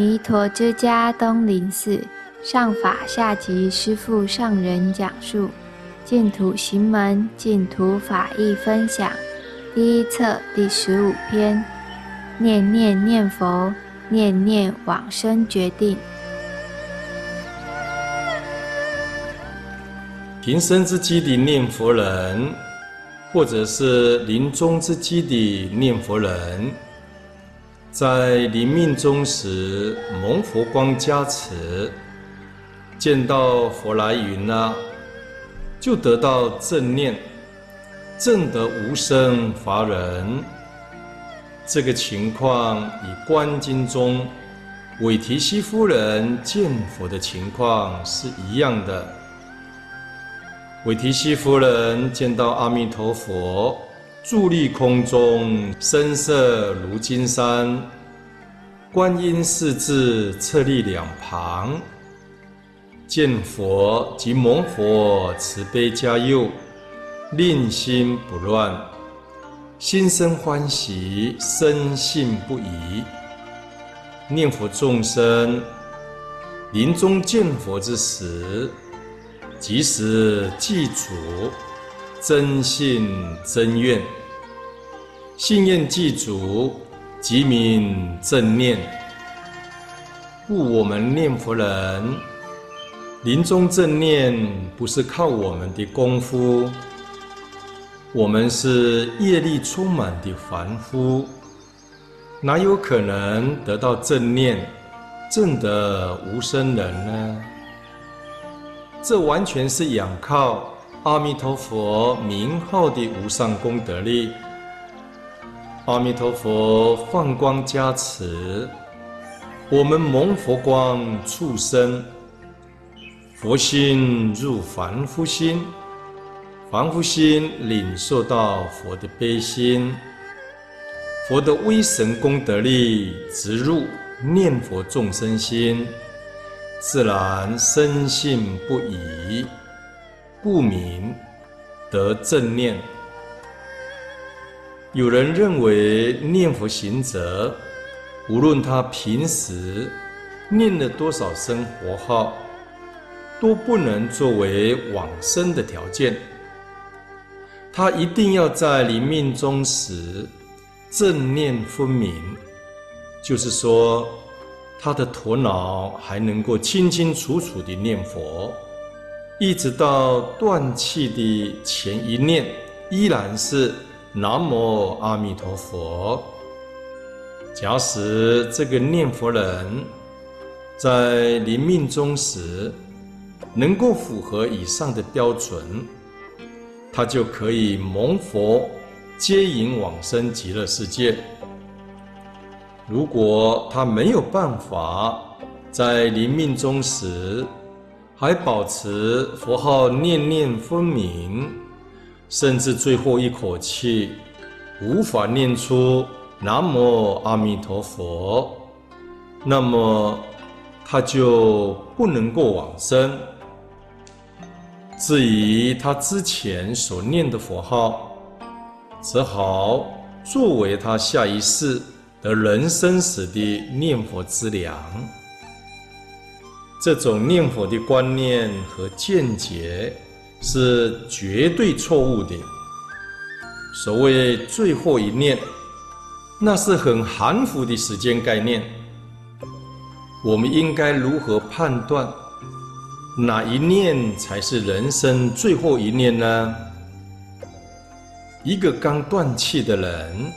彌陀之家東林寺上法下寂師父上人講述淨土行門，淨土法義分享第一冊第十五篇，念念念佛，念念往生決定。平生之機的念佛人，或者是臨終之機的念佛人。在臨命終時蒙佛光加持，見到佛來云啊，就得到正念，正得無生法忍。這個情況與《觀經》中韋提希夫人見佛的情況是一樣的。韋提希夫人見到阿彌陀佛。佇立空中，身色如金山。觀音勢至，側立兩旁，見佛即蒙佛慈悲加佑，令心不亂，心生歡喜，深信不疑。念佛眾生，臨終見佛之時，及時祭祖。真信真願，信願具足，即名正念。故我們念佛人臨終正念，不是靠我們的功夫，我們是業力充滿的凡夫，哪有可能得到正念，證得無生忍呢？這完全是仰靠。阿彌陀佛名號的無上功德力，阿彌陀佛放光加持，我們蒙佛光觸身，佛心入凡夫心，凡夫心領受到佛的悲心，佛的威神功德力直入念佛眾生心，自然深信不疑。故名得正念。有人認為念佛行者，無論他平時念了多少聲佛號，都不能作為往生的條件。他一定要在臨命終時正念分明，就是說，他的頭腦還能夠清清楚楚地念佛。一直到斷氣的前一念，依然是“南無阿彌陀佛”。假使這個念佛人，在臨命終時能夠符合以上的標準，他就可以蒙佛接引往生極樂世界。如果他沒有辦法在臨命終時，還保持佛號念念分明，甚至最後一口氣無法念出“南無阿彌陀佛”，那麼他就不能夠往生。至於他之前所念的佛號，只好作為他下一世的人生時的念佛之糧。這種念佛的觀念和見解是絕對錯誤的。所謂最後一念，那是很含糊的時間概念。我們應該如何判斷哪一念才是人生最後一念呢？一個剛斷氣的人，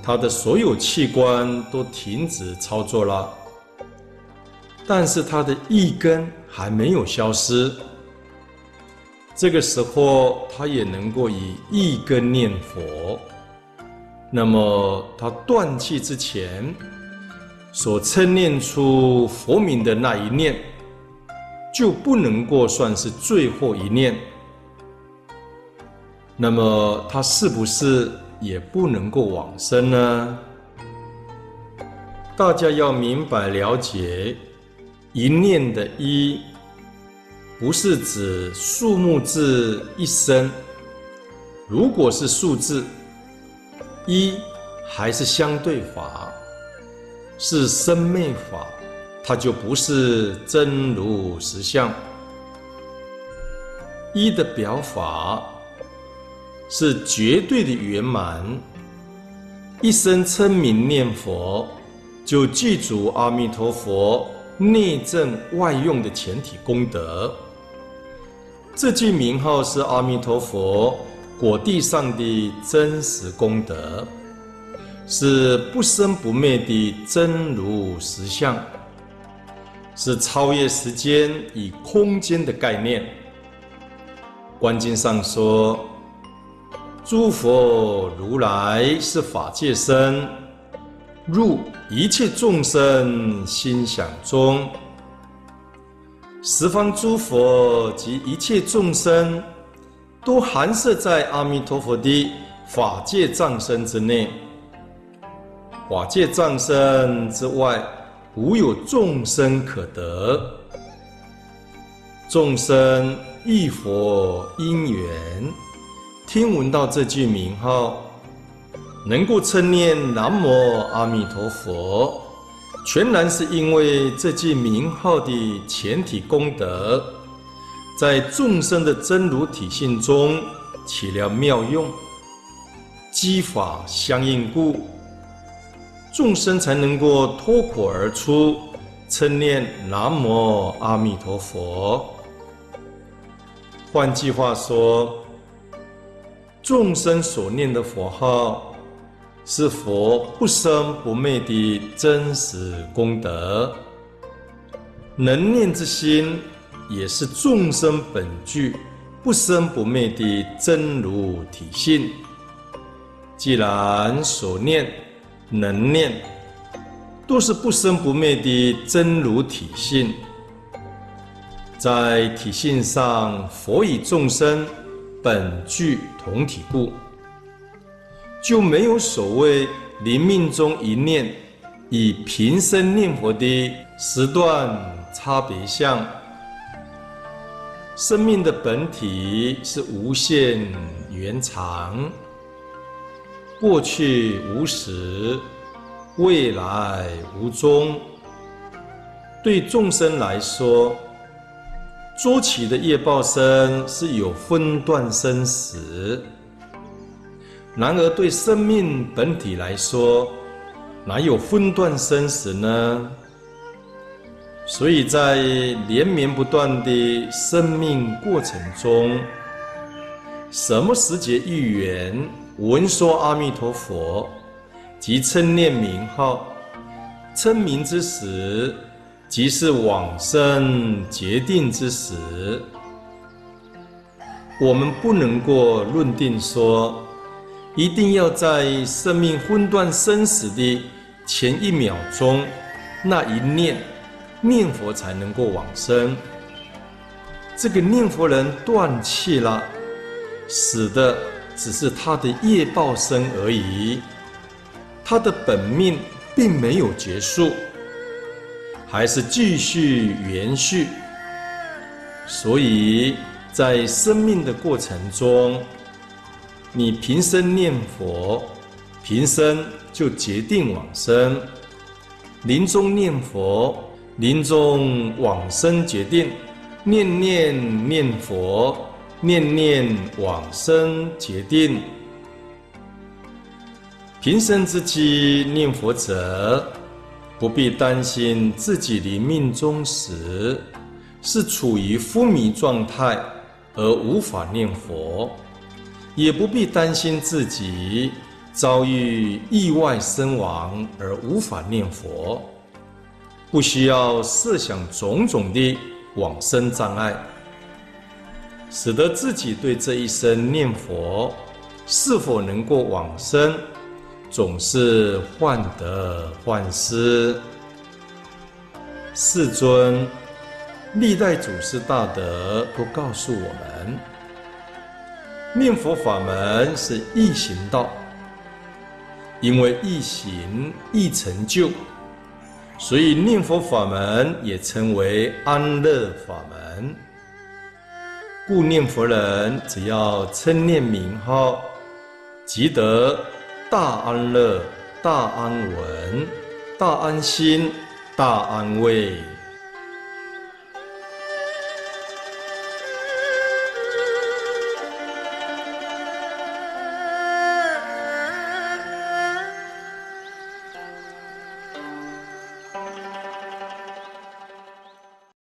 他的所有器官都停止操作了。但是他的意根還沒有消失，這個時候他也能夠以意根念佛。那麼他斷氣之前所稱念出佛名的那一念，就不能夠算是最後一念。那麼他是不是也不能夠往生呢？大家要明白了解。一念的一，不是指數目字一生。如果是數字一，還是相對法，是生滅法，它就不是真如實相。一的表法是絕對的圓滿。一生稱名念佛，就記住阿彌陀佛。內證外用的前提功德，這句名號是阿彌陀佛果地上的真實功德，是不生不滅的真如實相，是超越時間與空間的概念。觀經上說，諸佛如來是法界身，入一切眾生心想中，十方諸佛及一切眾生，都含攝在阿彌陀佛的法界藏身之內。法界藏身之外，無有眾生可得。眾生遇佛因緣，聽聞到這句名號。能夠稱念南無阿彌陀佛，全然是因為這句名號的全體功德，在眾生的真如體性中起了妙用，機法相應故，眾生才能夠脫口而出稱念南無阿彌陀佛。換句話說，眾生所念的佛號。是佛不生不滅的真實功德，能念之心也是眾生本具不生不滅的真如體性。既然所念、能念都是不生不滅的真如體性，在體性上，佛與眾生本具同體故，就沒有所謂臨命終一念與平生念佛的時段差別相。生命的本體是無限延長，過去無始，未來無終。對眾生來說，諸趣的業報身是有分段生死。然而，對生命本體來說，哪有分段生死呢？所以在連綿不斷的生命過程中，什麼時節遇緣聞說阿彌陀佛，即稱念名號，稱名之時，即是往生決定之時。我們不能夠論定說。一定要在生命分段生死的前一秒鐘，那一念念佛才能夠往生。這個念佛人斷氣了，死的只是他的業報身而已，他的本命並沒有結束，還是繼續延續。所以在生命的過程中。你平生念佛，平生就決定往生；臨終念佛，臨終往生決定；念念念佛，念念往生決定。平生之機念佛者，不必擔心自己的命終時是處於昏迷狀態而無法念佛。也不必擔心自己遭遇意外身亡而無法念佛，不需要設想種種的往生障礙，使得自己對這一生念佛是否能夠往生，總是患得患失。世尊，歷代祖師大德都告訴我們。念佛法門是易行道，因為易行易成就，所以念佛法門也稱為安樂法門。故念佛人只要稱念名號，即得大安樂、大安穩、大安心、大安慰。